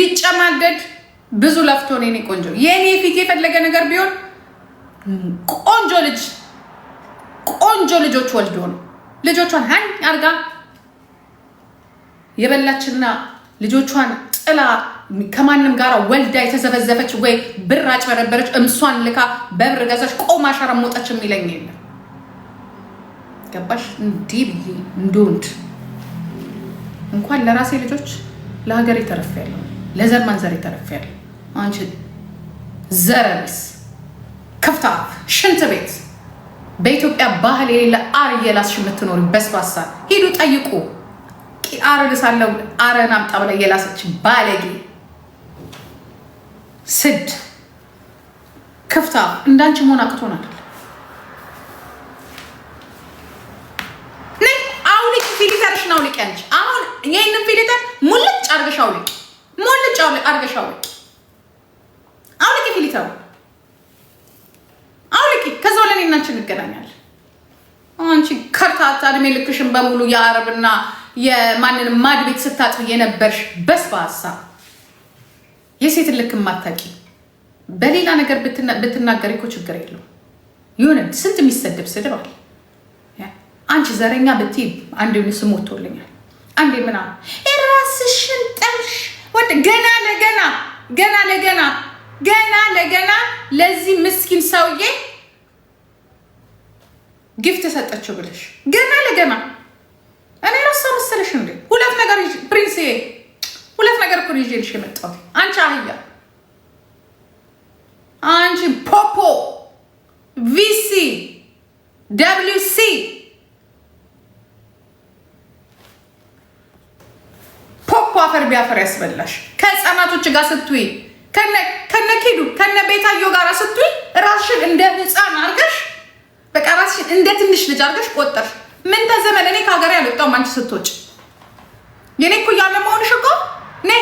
ቢጨማደድ ብዙ ለፍቶ ነው የኔ ቆንጆ የኔ ፊት የፈለገ ነገር ቢሆን ቆንጆ ልጅ ቆንጆ ልጆች ወልዶ ነው ልጆቿን ሀኝ አርጋ የበላችና ልጆቿን ጥላ ከማንም ጋር ወልዳ የተዘበዘበች ወይ ብር አጭበረበረች እምሷን ልካ በብር ገዛች ቆማ ሸረሞጠች የሚለኝ የለም። ገባሽ? እንዲህ ብዬ እንደወንድ እንኳን ለራሴ ልጆች ለሀገር የተረፋ ያለው ለዘር ማንዘር የተረፈያለሁ። አንቺ ዘረቢስ ክፍታ ሽንት ቤት በኢትዮጵያ ባህል የሌለ አር እየላስሽ የምትኖሪ በስባሳ ሂዱ ጠይቁ። አር ልሳለው አረን አምጣ ብላ እየላሰች ባለጌ ስድ ክፍታ እንዳንቺ መሆን አቅቶን አውልቂ ፊሊተርሽን አውልቂ። አንቺ አሁን ይህንን ፊሊተር ሙልጭ አድርገሽ አውልቂ። ሞልጫ አድርገሽ አውልቂ፣ አውልቂ፣ አውልቂ። ከዛ ለኔ እናንችን እንገናኛለን። አንቺ ከርታታ እድሜ ልክሽን በሙሉ የአረብና ማድ ቤት ስታጥብ የነበርሽ በስባሳ የሴትን ልክ ማታቂ በሌላ ነገር ብትናገር እኮ ችግር የለው። ይሁንም ስንት የሚሰደብ ስድብ አለ። አንቺ ዘረኛ ብትይ አንድ ስም ወጥቶልኛል። አንዴ ምናምን የራስሽ ገና ለገና ገና ለገና ገና ለገና ለዚህ ምስኪን ሰውዬ ጊፍት ሰጠችው ብለሽ ገና ለገና እኔ ረሳ መሰለሽ እንዴ? ሁለት ነገር ፕሪንስ፣ ሁለት ነገር እኮ ይዤልሽ የመጣሁት። አንቺ አህያ፣ አንቺ ፖፖ፣ ቪሲ ደብሊው ሲ ቢያፈር ያስበላሽ። ከህፃናቶች ጋር ስትይ ከነ ኪዱ ከነ ቤታዮ ጋር ስትይ ራስሽን እንደ ህፃን አርገሽ በቃ ራስሽን እንደ ትንሽ ልጅ አርገሽ ቆጠር። ምን ተዘመን እኔ ከሀገር ያልወጣሁም አንቺ ስትወጭ የኔ እኮ ያለ መሆንሽ እኮ ኔ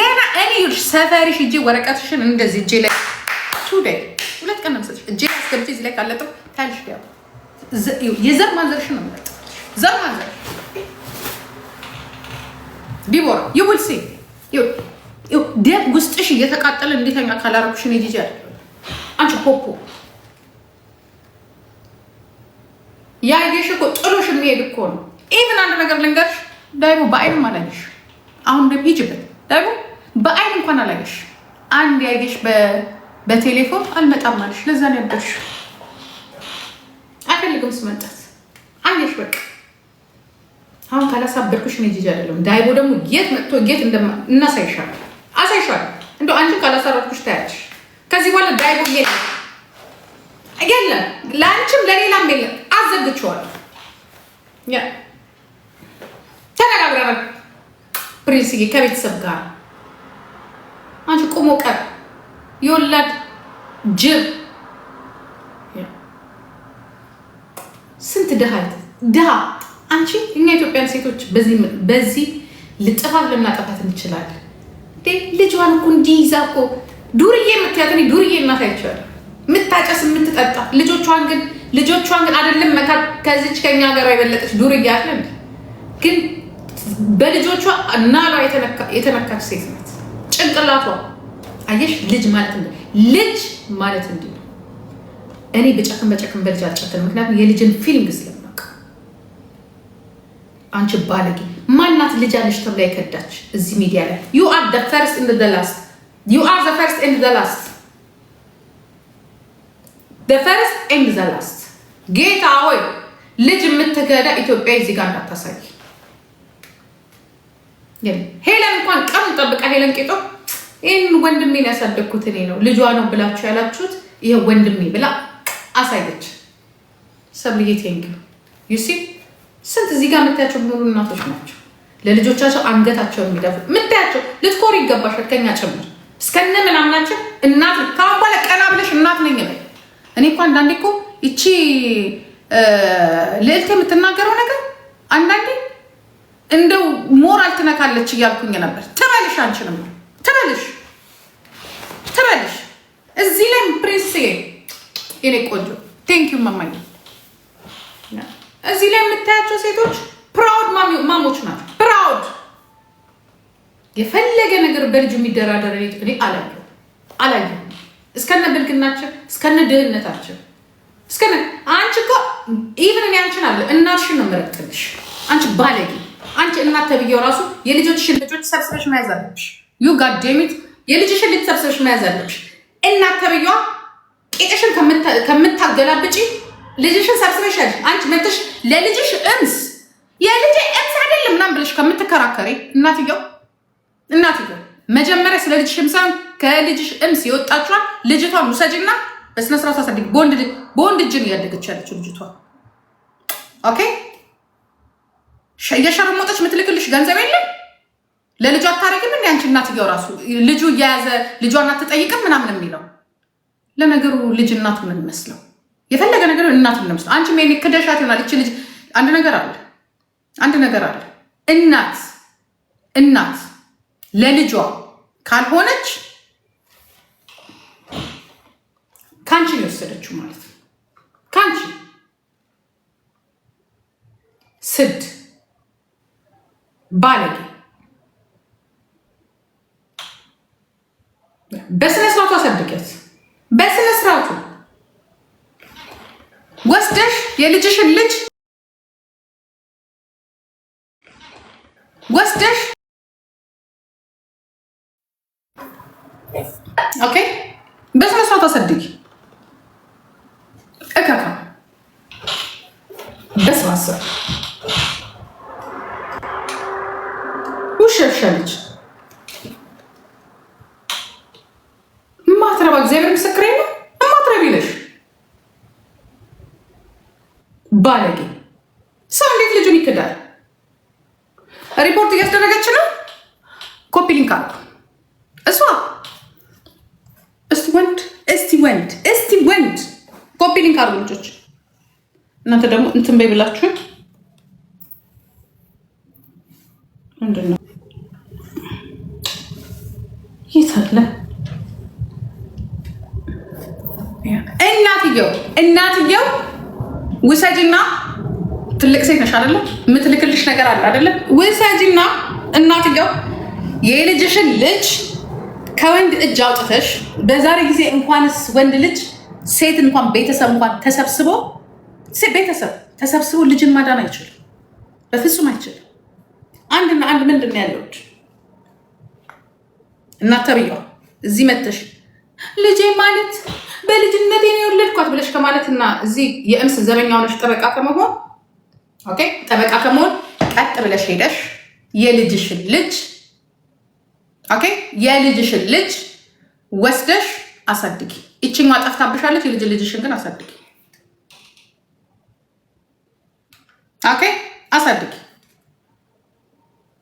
ገና እኔ ይኸውልሽ ሰፈሪሽ እጄ ወረቀትሽን እንደዚህ እጄ ላይ ቱዴ ሁለት ቀን ነምሰች እጄ ላይ አስገብቼ እዚህ ላይ ካለጠው ታልሽ ያው የዘር ማንዘርሽን ነው የሚለጥ ዘር ማንዘር ዲቦራ ይውልሲ ደም ውስጥሽ እየተቃጠለ እንዴተኛ ካላረኩሽን ጂጂ አለ አንቺ ፖፖ ያየሽ እኮ ጥሎሽ የሚሄድ እኮ ነው። ኢቭን አንድ ነገር ልንገርሽ፣ ዳይሞ በአይንም አላየሽ። አሁን ደም ሂጅበት ዳይሞ በአይን እንኳን አላየሽ። አንድ ያየሽ በቴሌፎን አልመጣም አለሽ። ለዛ ነው ያደርሽ። አይፈልግም ስመጣት አየሽ በቃ አሁን ካላሳበርኩሽ እኔ ጂጂ አይደለም። ዳይቦ ደግሞ ጌት መጥቶ ጌት እንደማ እናሳይሻል፣ አሳይሻል። እንደው አንቺን ካላሳረፍኩሽ ታያች። ከዚህ በኋላ ዳይቦ የለም የለም፣ ለአንቺም ለሌላም የለም። አዘግቼዋለሁ። ተነጋግረናል ፕሪንስዬ ከቤተሰብ ጋር አንቺ ቁሞ ቀር የወላድ ጅብ ስንት ድሃ ድሃ አንቺ እኛ ኢትዮጵያን ሴቶች በዚህ ልጥፋት ልናጠፋት እንችላለን። ልጇን እኮ እንዲይዛ ይዛ እኮ ዱርዬ የምትያት ዱርዬ እናት አይቻል የምታጨስ የምትጠጣ ልጆቿን ግን ልጆቿን ግን አደለም መካ ከዚች ከኛ ሀገር የበለጠች ዱርዬ አለ ግን በልጆቿ እናሏ የተነካች ሴት ናት። ጭንቅላቷ አየሽ፣ ልጅ ማለት እንደ ልጅ ማለት እንዲ እኔ በጨክን በጨክን በልጅ አልጨክን፣ ምክንያቱም የልጅን ፊልም ግስለም አንቺ ባለጌ ማናት? ልጅ አለሽ ተብላ የከዳች እዚህ ሚዲያ ላይ ዩ አር ዘ ፈርስት ኤንድ ዘ ላስት ዩ አር ዘ ፈርስት ኤንድ ዘ ላስት ዘ ፈርስት ኤንድ ዘ ላስት። ጌታ ሆይ ልጅ የምትገዳ ኢትዮጵያ እዚህ ጋር እንዳታሳይ። ሄለን እንኳን ቀኑ ጠብቃ ሄለን ቄጦ ይህን ወንድሜን ያሳደግኩት እኔ ነው ልጇ ነው ብላችሁ ያላችሁት ይሄ ወንድሜ ብላ አሳየች። ሰብልዬ ቴንክ ዩ ሲ ስንት እዚህ ጋር የምታያቸው ሙሉ እናቶች ናቸው ለልጆቻቸው አንገታቸው የሚደፉ የምታያቸው። ልትኮር ይገባሻል ከኛ ጭምር እስከነ ምናምናቸው እናት ከአሁን በኋላ ቀና ብለሽ እናት ነኝ በይ። እኔ እኮ አንዳንዴ እኮ ይቺ ልዕልት የምትናገረው ነገር አንዳንዴ እንደው ሞራል ትነካለች እያልኩኝ ነበር። ትበልሽ፣ አንችልም ትበልሽ፣ ትበልሽ። እዚህ ላይ ፕሪንስ የኔ ቆንጆ ቴንኪዩ መማኝ እዚህ ላይ የምታያቸው ሴቶች ፕራውድ ማሞች ናቸው። ፕራውድ የፈለገ ነገር በልጅ የሚደራደር እኔ አላየሁ አላየሁ። እስከነ ብልግናችን እስከነ ድህነታችን እስከነ አንቺ እኮ ኢቨን እኔ አንቺን አለ እናትሽን ነው የምረግጥልሽ። አንቺ ባለጌ አንቺ እናት ተብዬው ራሱ የልጆችሽን ልጆች ሰብስበሽ መያዝ አለብሽ። ዩ ጋዴሚት የልጅሽን ልጅ ሰብስበሽ መያዝ አለብሽ። እናት ተብዬዋ ቄጥሽን ከምታገላብጪ ልጅሽን ሰብስበሽ ያለሽ አንቺ መተሽ ለልጅሽ እምስ የልጅ እምስ አይደለም ምናምን ብለሽ ከምትከራከሪ እናትየው እናትየው መጀመሪያ ስለ ልጅሽ እምሳን ከልጅሽ እምስ የወጣችኋል ልጅቷን ውሰጅና በስነስርዓት አሳድግ። በወንድ እጅን እያደገች ያለችው ልጅቷ ኦኬ። እየሸረሞጠች የምትልክልሽ ገንዘብ የለም ለልጇ አታረግም። እንደ አንቺ እናትየው ራሱ ልጁ እየያዘ ልጇን አትጠይቅም ምናምን የሚለው ለነገሩ ልጅ እናቱ ምን ይመስለው? የፈለገ ነገር እናት ምንምስ አንቺ ሜ ክደሻት ይሆናል። እቺ ልጅ አንድ ነገር አለ፣ አንድ ነገር አለ። እናት እናት ለልጇ ካልሆነች ከአንቺ የወሰደችው ማለት ነው። ከአንቺ ስድ ባለጌ የልጅሽን ልጅ ወስደሽ ኦኬ፣ በስነ ስርዓት አሳድጊ። እከካ ደስ ማሰብ ልጅ ባለጌ ሰው እንዴት ልጁን ይክዳል? ሪፖርት እያስደረገች ነው። ኮፒ ሊንክ አሉ እሷ እስቲ ወንድ እስቲ ወንድ እስቲ ወንድ ኮፒ ሊንክ አሉ ልጆች። እናንተ ደግሞ እንትን በይ ብላችሁን ምንድን ነው የት እናትየው እናትየው ውሰጅና ትልቅ ሴት ነሽ አደለ? የምትልክልሽ ነገር አለ አደለ? ውሰጅና እናትየው የልጅሽን ልጅ ከወንድ እጅ አውጥተሽ በዛሬ ጊዜ እንኳንስ ወንድ ልጅ ሴት እንኳን ቤተሰብ እንኳን ተሰብስቦ ቤተሰብ ተሰብስቦ ልጅን ማዳን አይችልም፣ በፍጹም አይችልም። አንድና አንድ ምንድን ነው ያለው እናት ተብዬዋ እዚህ መጥተሽ ልጄ ማለት በልጅነት ነው የወለድኳት ብለሽ ከማለትና እዚህ የእምስ ዘበኛ ሆነሽ ጠበቃ ከመሆን ኦኬ፣ ጠበቃ ከመሆን ቀጥ ብለሽ ሄደሽ የልጅሽን ልጅ ኦኬ፣ የልጅሽን ልጅ ወስደሽ አሳድጊ። ይችኛ ጠፍታብሻለች። የልጅ ልጅሽን ግን አሳድጊ። ኦኬ፣ አሳድጊ